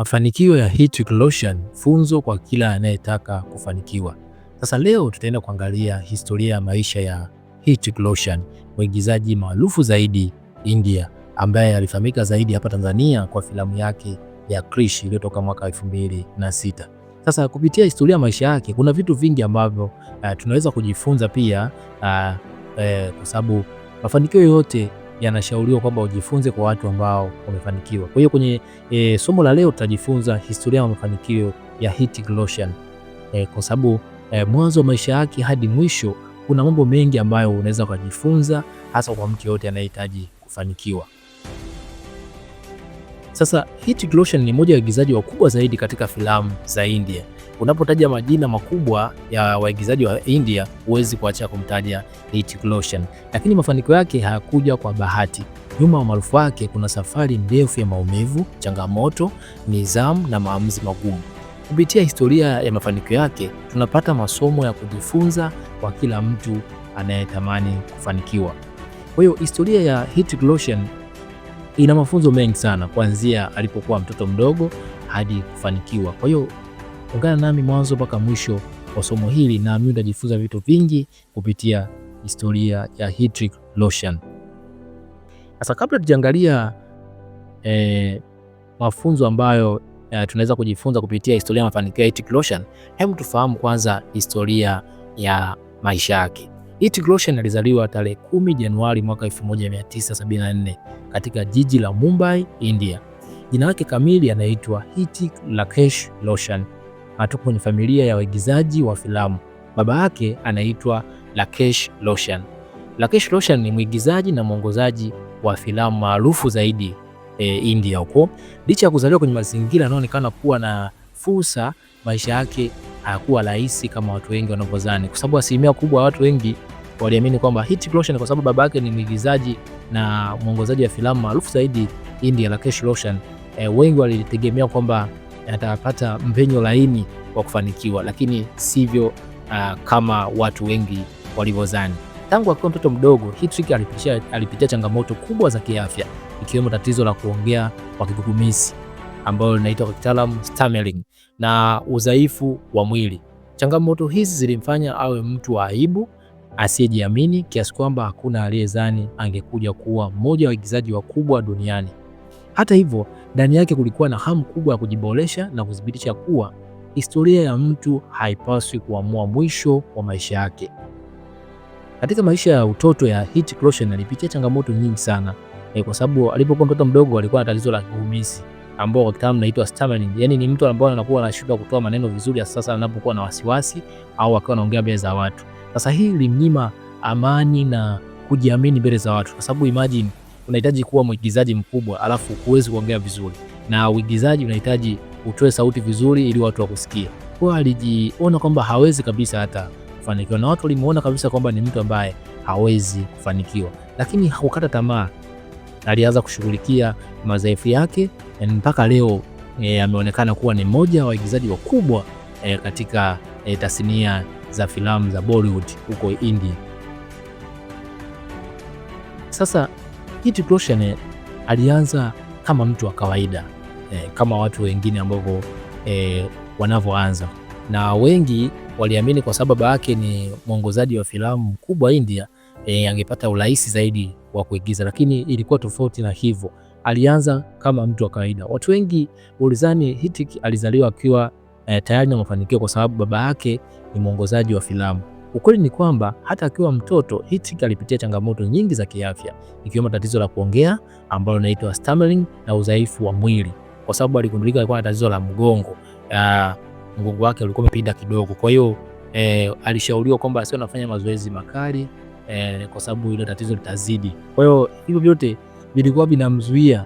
Mafanikio ya Hrithik Roshan, funzo kwa kila anayetaka kufanikiwa. Sasa leo tutaenda kuangalia historia ya maisha ya Hrithik Roshan, mwigizaji maarufu zaidi India, ambaye alifahamika zaidi hapa Tanzania kwa filamu yake ya Krish iliyotoka mwaka 2006. Sasa kupitia historia ya maisha yake kuna vitu vingi ambavyo uh, tunaweza kujifunza pia uh, uh, kwa sababu mafanikio yote yanashauriwa kwamba ujifunze kwa watu ambao wamefanikiwa. Kwa hiyo kwenye e, somo la leo tutajifunza historia ya mafanikio ya Hiti Ghoshan e, kwa sababu e, mwanzo wa maisha yake hadi mwisho kuna mambo mengi ambayo unaweza ukajifunza, hasa kwa mtu yoyote anayehitaji kufanikiwa. Sasa Hiti Ghoshan ni mmoja wa waigizaji wakubwa zaidi katika filamu za India. Unapotaja majina makubwa ya waigizaji wa India huwezi kuacha kumtaja Hrithik Roshan, lakini mafanikio yake hayakuja kwa bahati. Nyuma ya umaarufu wake kuna safari ndefu ya maumivu, changamoto, nidhamu na maamuzi magumu. Kupitia historia ya mafanikio yake tunapata masomo ya kujifunza kwa kila mtu anayetamani kufanikiwa. Kwa hiyo historia ya Hrithik Roshan ina mafunzo mengi sana, kuanzia alipokuwa mtoto mdogo hadi kufanikiwa. Kwa hiyo Ungana nami mwanzo mpaka mwisho wa somo hili, naamini utajifunza vitu vingi kupitia historia ya Hitrik Roshan. Sasa kabla tujaangalia eh, mafunzo ambayo eh, tunaweza kujifunza kupitia historia ya mafanikio ya Hitrik Roshan, hebu tufahamu kwanza historia ya maisha yake. Hitrik Roshan alizaliwa tarehe 10 Januari mwaka 1974 katika jiji la Mumbai, India. Jina lake kamili anaitwa Hitrik Rakesh Roshan atoka kwenye familia ya waigizaji wa filamu. Baba yake anaitwa Rakesh Roshan. Rakesh Roshan ni mwigizaji na mwongozaji wa filamu maarufu zaidi e, India huko. Licha ya kuzaliwa kwenye mazingira yanayoonekana kuwa na fursa, maisha yake hayakuwa rahisi kama watu wengi wanavyodhani, kwa sababu asilimia kubwa ya watu wengi waliamini kwamba Hrithik Roshan kwa sababu baba yake ni mwigizaji na mwongozaji wa filamu maarufu zaidi India, Rakesh Roshan, e, wengi walitegemea kwamba atapata mpenyo laini wa kufanikiwa, lakini sivyo uh, kama watu wengi walivyozani. Tangu akiwa mtoto mdogo, Hetrick alipitia, alipitia changamoto kubwa za kiafya ikiwemo tatizo la kuongea kwa kigugumizi ambayo linaitwa kwa kitaalamu stammering na udhaifu wa mwili. Changamoto hizi zilimfanya awe mtu wa aibu asiyejiamini kiasi kwamba hakuna aliyezani angekuja kuwa mmoja wa waigizaji wakubwa duniani. Hata hivyo ndani yake kulikuwa na hamu kubwa ya kujiboresha na kuthibitisha kuwa historia ya mtu haipaswi kuamua mwisho wa maisha yake. Katika maisha ya utoto ya Hit Roshan alipitia changamoto nyingi sana e, kwa sababu alipokuwa mtoto mdogo alikuwa na tatizo la kihubizi ambao kwa kitaalamu naitwa stammering, yani ni mtu ambaye anakuwa anashindwa kutoa maneno vizuri, hasa sana anapokuwa na wasiwasi au akiwa anaongea mbele za watu. Sasa hii ilimnyima amani na kujiamini mbele za watu, kwa sababu imagine unahitaji kuwa mwigizaji mkubwa, alafu huwezi kuongea vizuri, na uigizaji unahitaji utoe sauti vizuri ili watu wakusikie. Kwa hiyo alijiona kwamba hawezi kabisa hata kufanikiwa, na watu walimuona kabisa kwamba ni mtu ambaye hawezi kufanikiwa, lakini hakukata tamaa. Alianza kushughulikia madhaifu yake mpaka leo e, ameonekana kuwa ni mmoja wa waigizaji wakubwa e, katika e, tasnia za filamu za Bollywood huko India. Sasa Jiti Roshan eh, alianza kama mtu wa kawaida e, kama watu wengine ambavyo e, eh, wanavyoanza, na wengi waliamini kwa sababu baba yake ni mwongozaji wa filamu kubwa India, e, angepata urahisi zaidi wa kuigiza, lakini ilikuwa tofauti na hivyo. Alianza kama mtu wa kawaida. Watu wengi ulizani Hrithik alizaliwa akiwa e, tayari na mafanikio kwa sababu baba yake ni mwongozaji wa filamu Ukweli ni kwamba hata akiwa mtoto Hetrick alipitia changamoto nyingi za kiafya, ikiwemo tatizo la kuongea ambalo linaitwa stammering na udhaifu wa mwili, kwa sababu aligundulika alikuwa na tatizo la mgongo. Uh, mgongo wake ulikuwa umepinda kidogo, kwa hiyo eh, alishauriwa kwamba asiwe anafanya mazoezi makali eh, kwa sababu ile tatizo litazidi. Kwa hiyo hivyo vyote vilikuwa vinamzuia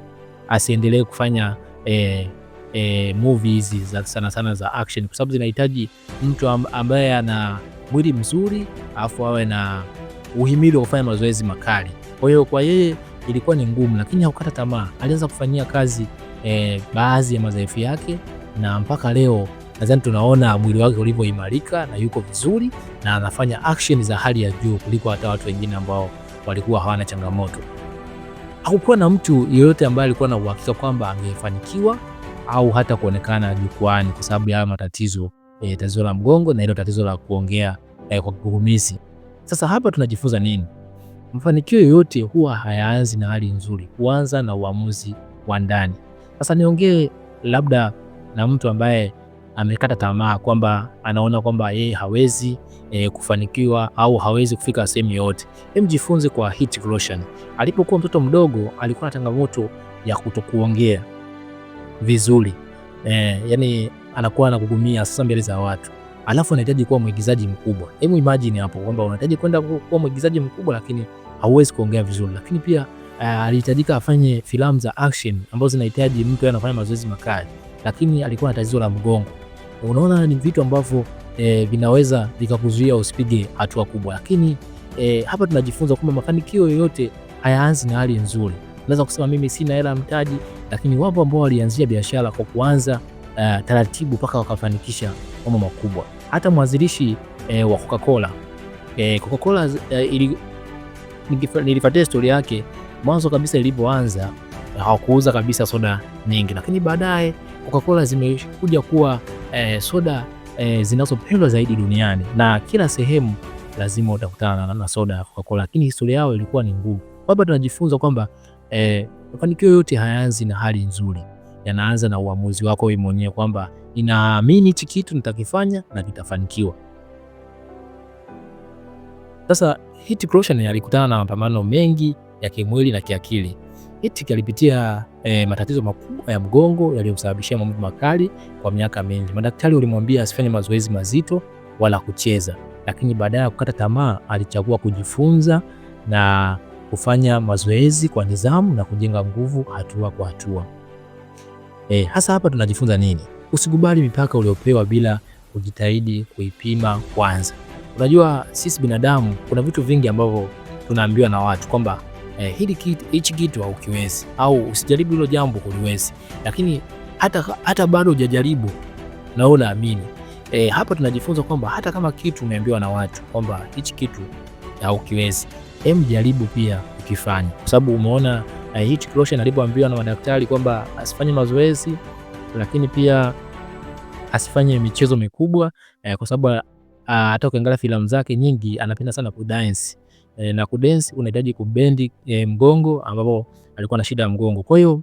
asiendelee kufanya eh, eh, movies za sana sana za action, kwa sababu zinahitaji mtu ambaye ana mwili mzuri, afu awe na uhimili wa kufanya mazoezi makali. Kwa hiyo kwa yeye ilikuwa ni ngumu, lakini hakukata tamaa. Alianza kufanyia kazi e, baadhi ya madhaifu yake na mpaka leo nadhani tunaona mwili wake ulivyoimarika na yuko vizuri na anafanya action za hali ya juu kuliko hata watu wengine ambao walikuwa hawana changamoto. Hakukuwa na mtu yeyote ambaye alikuwa na uhakika kwamba angefanikiwa au hata kuonekana jukwani kwa sababu ya matatizo e, tatizo la mgongo na ile tatizo la kuongea eh, kwa kigugumizi. Sasa hapa tunajifunza nini? Mafanikio yoyote huwa hayaanzi na hali nzuri, huanza na uamuzi wa ndani. Sasa niongee labda na mtu ambaye amekata tamaa kwamba anaona kwamba yeye hawezi e, kufanikiwa au hawezi kufika sehemu yoyote. Hem, jifunze kwa Hrithik Roshan. Alipokuwa mtoto mdogo alikuwa na changamoto ya kutokuongea vizuri e, yani anakuwa anagugumia sasa mbele za watu alafu unahitaji kuwa mwigizaji mkubwa. Hebu imagine hapo kwamba unahitaji kwenda kuwa mwigizaji mkubwa, lakini hauwezi kuongea vizuri. Lakini pia uh, alihitajika afanye filamu za action ambazo zinahitaji mtu anafanya mazoezi makali, lakini alikuwa na tatizo la mgongo. Unaona, ni vitu ambavyo eh, vinaweza vikakuzuia usipige hatua kubwa, lakini eh, hapa tunajifunza kwamba mafanikio yoyote hayaanzi na hali nzuri. Naweza kusema mimi sina hela mtaji, lakini wapo ambao walianzia biashara kwa kuanza uh, taratibu mpaka wakafanikisha mambo makubwa. Hata mwanzilishi e, wa Coca-Cola e, Coca-Cola e, ili, nilifuatia historia yake mwanzo kabisa ilipoanza hawakuuza kabisa soda nyingi, lakini baadaye Coca-Cola zimekuja kuwa e, soda e, zinazopendwa zaidi duniani na kila sehemu lazima utakutana na soda ya Coca-Cola, lakini historia yao ilikuwa ni ngumu. Hapa tunajifunza kwamba mafanikio yote hayaanzi na hali nzuri yanaanza na uamuzi wako wewe mwenyewe kwamba ninaamini hichi kitu nitakifanya na kitafanikiwa. Sasa Hiti Kroshan alikutana na mapambano mengi ya kimwili na kiakili. Hiti alipitia e, matatizo makubwa ya mgongo yaliyomsababishia maumivu makali kwa miaka mingi. Madaktari walimwambia asifanye mazoezi mazito wala kucheza, lakini baadaye ya kukata tamaa alichagua kujifunza na kufanya mazoezi kwa nidhamu na kujenga nguvu hatua kwa hatua. E, hasa hapa tunajifunza nini? Usikubali mipaka uliopewa bila kujitahidi kuipima kwanza. Unajua sisi binadamu kuna vitu vingi ambavyo tunaambiwa na watu kwamba eh, hichi kitu haukiwezi au usijaribu hilo jambo huliwezi, lakini hata, hata bado hujajaribu na wewe unaamini. Eh, hapa tunajifunza kwamba hata kama kitu umeambiwa na watu kwamba hichi kitu haukiwezi, hem jaribu pia ukifanya, kwa sababu umeona na hichi Kiloshen alipoambiwa na madaktari kwamba asifanye mazoezi, lakini pia asifanye michezo mikubwa eh, kwa sababu ah, hata ukiangalia filamu zake nyingi anapenda sana kudance eh, na kudance unahitaji kubendi eh, mgongo ambapo alikuwa na shida ya mgongo. Kwa hiyo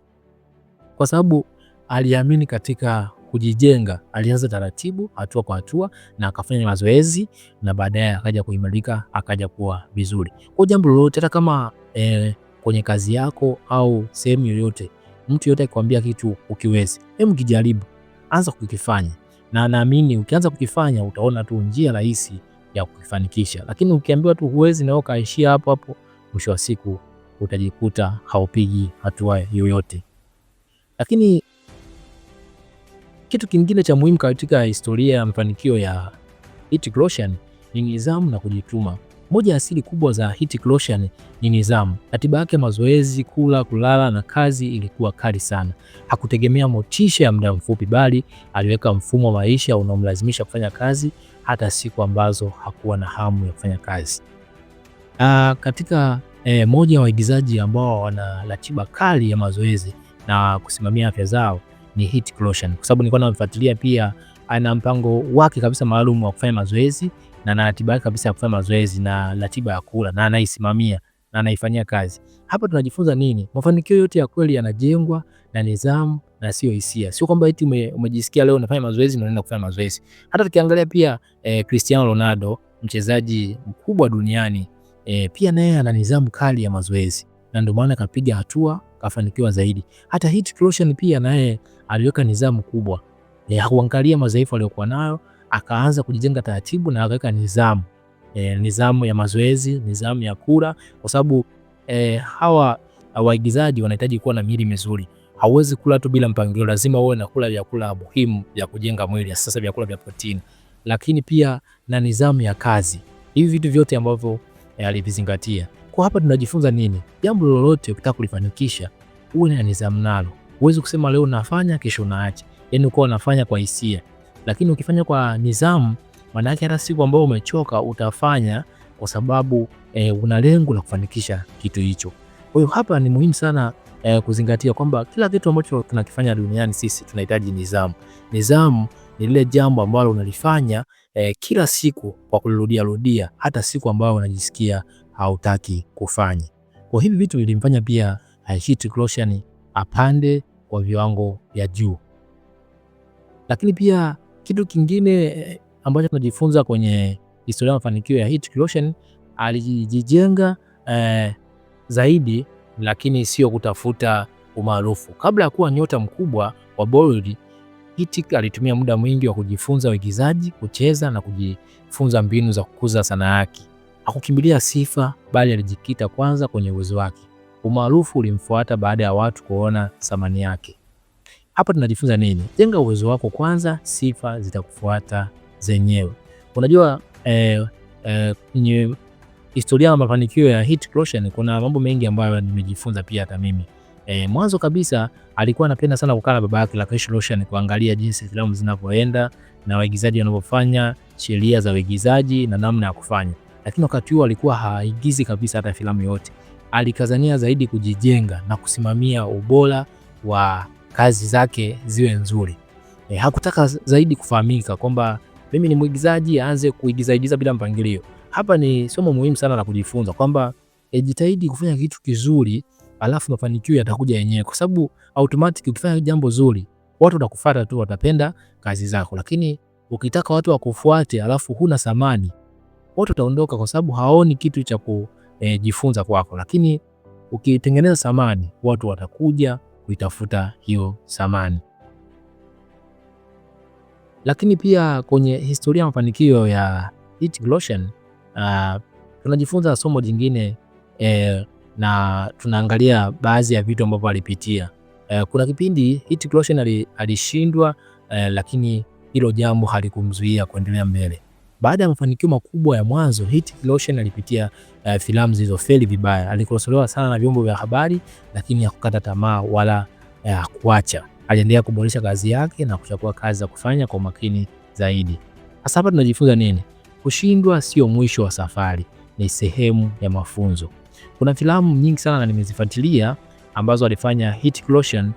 kwa sababu aliamini katika kujijenga, alianza taratibu, hatua kwa hatua, na akafanya mazoezi na baadaye akaja kuimarika, akaja kuwa vizuri. Kwa jambo lolote, hata kama eh, kwenye kazi yako au sehemu yoyote, mtu yoyote akikwambia kitu ukiwezi, hebu kijaribu, anza kukifanya, na naamini ukianza kukifanya utaona tu njia rahisi ya kukifanikisha. Lakini ukiambiwa tu huwezi na ukaishia hapo hapo, mwisho wa siku utajikuta haupigi hatua yoyote. Lakini kitu kingine cha muhimu katika historia ya mafanikio ya Hrithik Roshan ni nidhamu na kujituma. Moja ya asili kubwa za Hrithik Roshan ni nidhamu. Ratiba yake mazoezi, kula, kulala na kazi ilikuwa kali sana. Hakutegemea motisha ya muda mfupi, bali aliweka mfumo wa maisha unaomlazimisha kufanya kazi hata siku ambazo hakuwa na hamu ya kufanya kazi. Aa, katika eh, moja ya waigizaji ambao wana ratiba kali ya mazoezi na kusimamia afya zao ni Hrithik Roshan, kwa sababu nilikuwa namfuatilia pia, ana mpango wake kabisa maalum wa kufanya mazoezi na ana ratiba yake kabisa ya kufanya mazoezi na ratiba ya kula na anaisimamia na anaifanyia kazi. Hapa tunajifunza nini? Mafanikio yote ya kweli yanajengwa na nidhamu na sio hisia. Sio kwamba eti umejisikia leo unafanya mazoezi na unaenda kufanya mazoezi. Hata tukiangalia pia eh, Cristiano Ronaldo mchezaji mkubwa duniani eh, pia naye ana nidhamu kali ya mazoezi na ndio maana kapiga hatua kafanikiwa zaidi. Hata Heath Roshan pia naye aliweka nidhamu kubwa, ya eh, kuangalia madhaifu aliyokuwa nayo akaanza kujijenga taratibu na akaweka nidhamu e, eh, nidhamu ya mazoezi, nidhamu ya kula, kwa sababu e, hawa waigizaji wanahitaji kuwa na miili mizuri. Hauwezi kula tu bila mpangilio, lazima uwe na kula vyakula muhimu vya kujenga mwili, sasa vyakula vya protini, lakini pia na nidhamu ya kazi. Hivi vitu vyote ambavyo e, alivizingatia. Kwa hapa tunajifunza nini? Jambo lolote ukitaka kulifanikisha uwe na nidhamu nalo. Huwezi kusema leo nafanya kesho naacha, yani ukawa unafanya kwa hisia. Lakini ukifanya kwa nidhamu, maana hata siku ambayo umechoka utafanya, kwa sababu e, una lengo la kufanikisha kitu hicho. Kwa hiyo hapa ni muhimu sana e, kuzingatia kwamba kila kitu ambacho tunakifanya duniani sisi tunahitaji nidhamu. Nidhamu ni lile jambo ambalo unalifanya e, kila siku kwa kulirudia rudia, hata siku ambayo unajisikia hautaki kufanya. Kwa hivi vitu vilimfanya pia Hayati Roshan apande kwa viwango vya juu, lakini pia kitu kingine eh, ambacho tunajifunza kwenye historia ya mafanikio ya Hit Kiloshen, alijijenga eh, zaidi lakini sio kutafuta umaarufu. Kabla ya kuwa nyota mkubwa wa Bollywood, Hit alitumia muda mwingi wa kujifunza uigizaji, kucheza na kujifunza mbinu za kukuza sanaa yake. Hakukimbilia sifa, bali alijikita kwanza kwenye uwezo wake. Umaarufu ulimfuata baada ya watu kuona thamani yake. Hapa tunajifunza nini? Jenga uwezo wako kwanza, sifa zitakufuata zenyewe. Unajua eh, eh, nye, historia ya mafanikio ya Hit Roshan, kuna mambo mengi ambayo nimejifunza pia hata mimi. E, mwanzo kabisa alikuwa anapenda sana kukaa na baba yake Rakesh Roshan kuangalia jinsi filamu zinavyoenda na waigizaji wanavyofanya, sheria za waigizaji na namna ya kufanya. Lakini wakati huo alikuwa haigizi kabisa hata filamu yote. Alikazania zaidi kujijenga na kusimamia ubora wa kazi zake ziwe nzuri. E, hakutaka zaidi kufahamika kwamba mimi ni mwigizaji, aanze kuigizaigiza bila mpangilio. Hapa ni somo muhimu sana la kujifunza kwamba e, jitahidi kufanya kitu kizuri, alafu mafanikio yatakuja yenyewe, kwa sababu automatic ukifanya jambo zuri watu watakufuata tu, watapenda kazi zako. Lakini ukitaka watu wakufuate alafu huna thamani, watu wataondoka, kwa sababu haoni kitu cha kujifunza eh, e, kwako. Lakini ukitengeneza thamani, watu watakuja kuitafuta hiyo samani. Lakini pia kwenye historia ya mafanikio ya Hit Gloshan uh, ah, tunajifunza somo jingine eh, na tunaangalia baadhi ya vitu ambavyo alipitia. Eh, kuna kipindi Hit Gloshan alishindwa eh, lakini hilo jambo halikumzuia kuendelea mbele. Baada ya mafanikio makubwa ya mwanzo, Hitick Roshan alipitia uh, filamu zilizofeli vibaya. Alikosolewa sana na vyombo vya habari, lakini hakukata tamaa wala uh, Aliendelea kuboresha kazi yake na kuchagua kazi za kufanya kwa umakini zaidi. Hasa hapa tunajifunza nini? Kushindwa sio mwisho wa safari, ni sehemu ya mafunzo. Kuna filamu nyingi sana na nimezifuatilia ambazo alifanya Hitick Roshan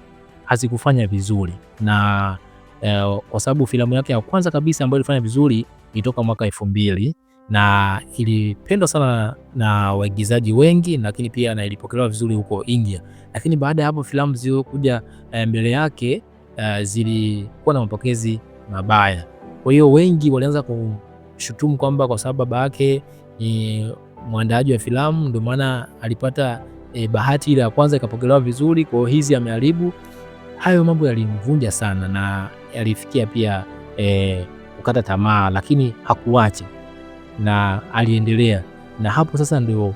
hazikufanya vizuri na Eh, kwa sababu filamu yake ya kwanza kabisa ambayo ilifanya vizuri ilitoka mwaka elfu mbili na ilipendwa sana na waigizaji wengi, lakini pia na ilipokelewa vizuri huko India. Lakini baada ya hapo filamu zilizokuja eh, mbele yake eh, zilikuwa na mapokezi mabaya. Kwa hiyo wengi walianza kushutumu kwamba kwa sababu baba yake ni mwandaaji wa filamu, ndio maana alipata eh, bahati ile ya kwanza ikapokelewa vizuri, kwa hiyo hizi ameharibu. Hayo mambo yalimvunja sana na alifikia pia e, kukata tamaa, lakini hakuacha na aliendelea, na hapo sasa ndio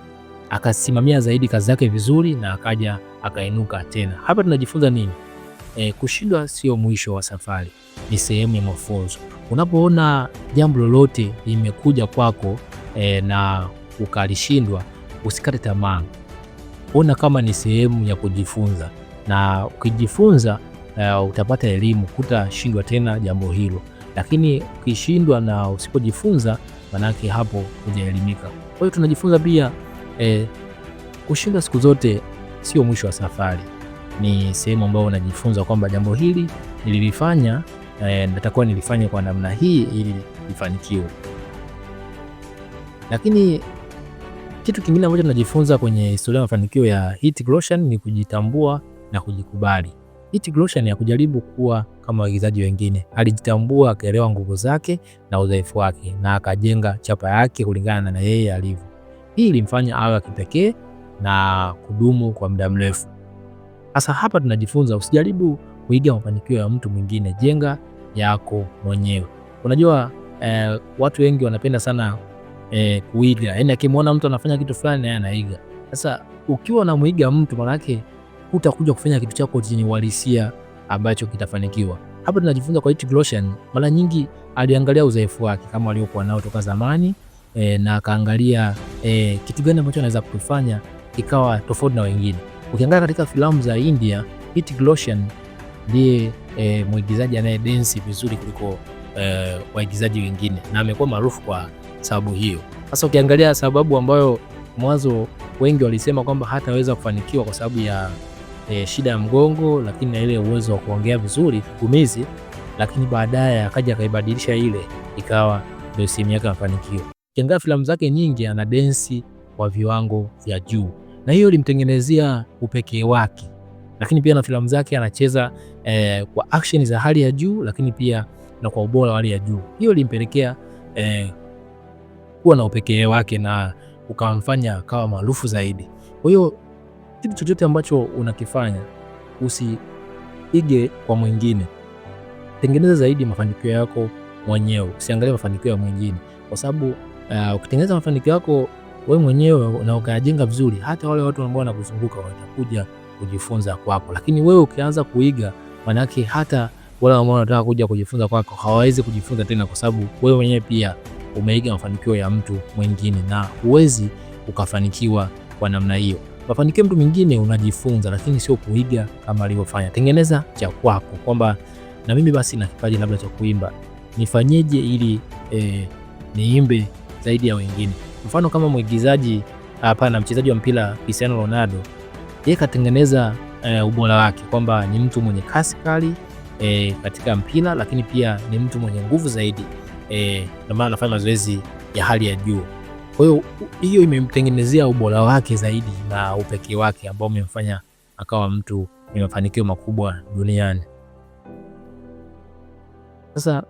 akasimamia zaidi kazi yake vizuri na akaja akainuka tena. Hapa tunajifunza nini? E, kushindwa sio mwisho wa safari, ni sehemu ya mafunzo. Unapoona jambo lolote limekuja kwako e, na ukalishindwa, usikate tamaa, ona kama ni sehemu ya kujifunza, na ukijifunza uh, utapata elimu, hutashindwa tena jambo hilo. Lakini ukishindwa na usipojifunza, manake hapo hujaelimika. Kwa hiyo tunajifunza pia eh, kushindwa siku zote sio mwisho wa safari, ni sehemu ambayo unajifunza kwamba jambo hili nililifanya eh, natakuwa nilifanya kwa namna hii ili lifanikiwe. Lakini kitu kingine ambacho tunajifunza kwenye historia ya mafanikio ya Roshan ni kujitambua na kujikubali. Iti Groshan ya kujaribu kuwa kama waigizaji wengine. Alijitambua, akaelewa nguvu zake na udhaifu wake, na akajenga chapa yake kulingana na yeye alivyo. Hii ilimfanya awe wa kipekee na kudumu kwa muda mrefu. Sasa hapa tunajifunza, usijaribu kuiga mafanikio ya mtu mwingine, jenga yako mwenyewe. Unajua eh, watu wengi wanapenda sana eh, kuiga, yaani akimwona mtu anafanya kitu fulani naye anaiga. Sasa ukiwa unamuiga mtu maanake hutakuja kufanya kitu chako chenye uhalisia ambacho kitafanikiwa. Hapa tunajifunza kwa Hrithik mara nyingi aliangalia udhaifu wake kama aliokuwa nao toka zamani e, na akaangalia e, kitu gani ambacho anaweza kufanya ikawa tofauti na wengine. Ukiangalia katika filamu za India, Hrithik Roshan ndiye e, mwigizaji anaye densi vizuri kuliko e, waigizaji wengine na amekuwa maarufu kwa sababu hiyo. Sasa ukiangalia sababu ambayo mwanzo wengi walisema kwamba hataweza kufanikiwa kwa sababu ya e, shida ya mgongo, lakini na ile uwezo wa kuongea vizuri kumizi, lakini baadaye akaja akaibadilisha ile ikawa ndio sehemu yake mafanikio. kianga filamu zake nyingi ana densi kwa viwango vya juu, na hiyo ilimtengenezea upekee wake. Lakini pia na filamu zake anacheza e, kwa action za hali ya juu, lakini pia na kwa ubora wa hali ya juu. Hiyo ilimpelekea e, kuwa na upekee wake na ukamfanya akawa maarufu zaidi. Kwa hiyo kitu chochote ambacho unakifanya usiige kwa mwingine, tengeneza zaidi mafanikio yako mwenyewe, usiangalie mafanikio ya mwingine, kwa sababu uh, ukitengeneza mafanikio yako wewe mwenyewe na ukayajenga vizuri, hata wale watu ambao wanakuzunguka watakuja kujifunza kwako. Lakini wewe ukianza kuiga, manake hata wale ambao wanataka kuja kujifunza kwako hawawezi kujifunza tena, kwa sababu wewe mwenyewe pia umeiga mafanikio ya mtu mwingine, na huwezi ukafanikiwa kwa namna hiyo mafanikio mtu mwingine unajifunza, lakini sio kuiga kama alivyofanya. Tengeneza cha kwako, kwamba na mimi basi na kipaji labda cha kuimba, nifanyeje ili e, niimbe zaidi ya wengine. Mfano kama mwigizaji hapana, mchezaji wa mpira Cristiano Ronaldo, yeye katengeneza e, ubora wake kwamba ni mtu mwenye kasi kali e, katika mpira, lakini pia ni mtu mwenye nguvu zaidi e, na maana anafanya mazoezi ya hali ya juu. Kwa hiyo hiyo imemtengenezea ubora wake zaidi na upekee wake ambao umemfanya akawa mtu mwenye mafanikio makubwa duniani. Sasa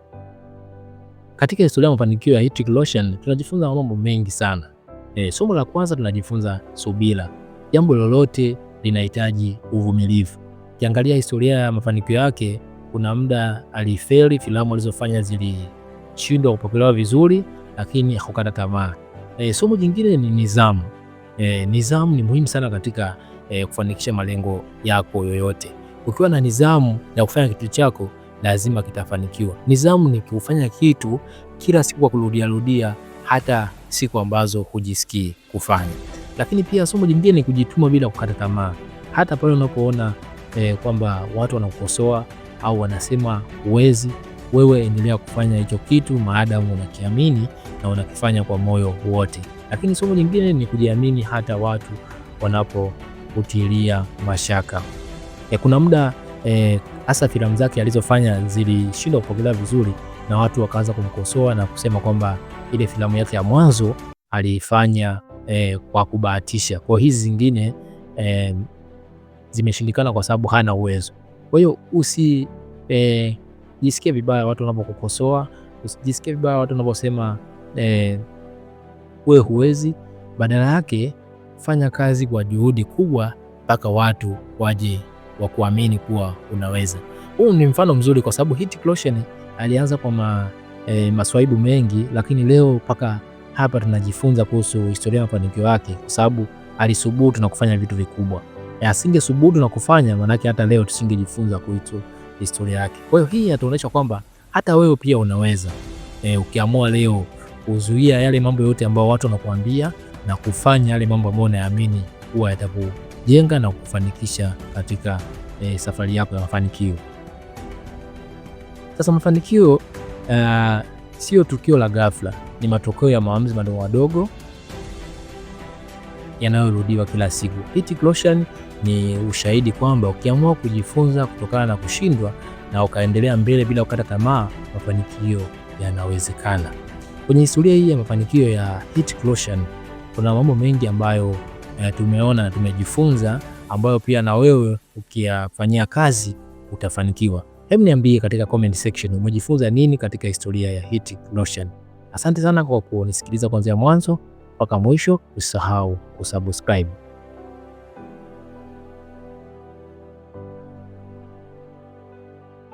katika historia ya mafanikio ya Hrithik Roshan tunajifunza mambo mengi sana. E, somo la kwanza tunajifunza subira. Jambo lolote linahitaji uvumilivu. Ukiangalia historia ya mafanikio yake, kuna muda alifeli, filamu alizofanya zilishindwa kupokelewa vizuri, lakini hakukata tamaa. E, somo jingine ni nidhamu. E, nidhamu ni muhimu sana katika e, kufanikisha malengo yako yoyote. Ukiwa na nidhamu ya kufanya kitu chako lazima kitafanikiwa. Nidhamu ni kufanya kitu kila siku kwa kurudia rudia, hata siku ambazo hujisikii kufanya. Lakini pia somo jingine ni kujituma bila kukata tamaa, hata pale unapoona e, kwamba watu wanakukosoa au wanasema uwezi wewe endelea kufanya hicho kitu maadamu unakiamini na unakifanya kwa moyo wote. Lakini somo lingine ni kujiamini hata watu wanapokutilia mashaka. E, kuna muda eh, hasa e, filamu zake alizofanya zilishindwa kupokelewa vizuri na watu wakaanza kumkosoa na kusema kwamba ile filamu yake ya mwanzo aliifanya e, eh, kwa kubahatisha, kwa hizi zingine e, zimeshindikana kwa sababu hana uwezo. Kwa hiyo usijisikie e, vibaya watu wanapokukosoa, usijisikie vibaya watu wanaposema eh, wewe huwezi, badala yake fanya kazi kwa juhudi kubwa mpaka watu waje wa kuamini kuwa unaweza. Huu ni mfano mzuri kwa sababu Hit Roshen alianza kwa ma, e, maswaibu mengi, lakini leo mpaka hapa tunajifunza kuhusu historia ya mafanikio yake, kwa sababu alisubutu na kufanya vitu vikubwa. Eh, asingesubutu na kufanya, manake hata leo tusingejifunza kuhusu historia yake. Kwa hiyo hii inatuonyesha kwamba hata wewe pia unaweza e, ukiamua leo kuzuia yale mambo yote ambayo watu wanakuambia na kufanya yale mambo ambayo unaamini huwa yatakujenga na kufanikisha katika e, safari yako ya mafanikio. Sasa mafanikio uh, sio tukio la ghafla, ni matokeo ya maamuzi madogo madogo yanayorudiwa kila siku. Hrithik Roshan ni ushahidi kwamba ukiamua kujifunza kutokana na kushindwa na ukaendelea mbele bila kukata tamaa, mafanikio yanawezekana. Kwenye historia hii ya mafanikio ya Hit Closure kuna mambo mengi ambayo eh, tumeona na tumejifunza ambayo pia na wewe ukiyafanyia kazi utafanikiwa. Hebu niambie katika comment section umejifunza nini katika historia ya Hit Closure. Asante sana kwa kunisikiliza kuanzia mwanzo mpaka mwisho. Usisahau kusubscribe.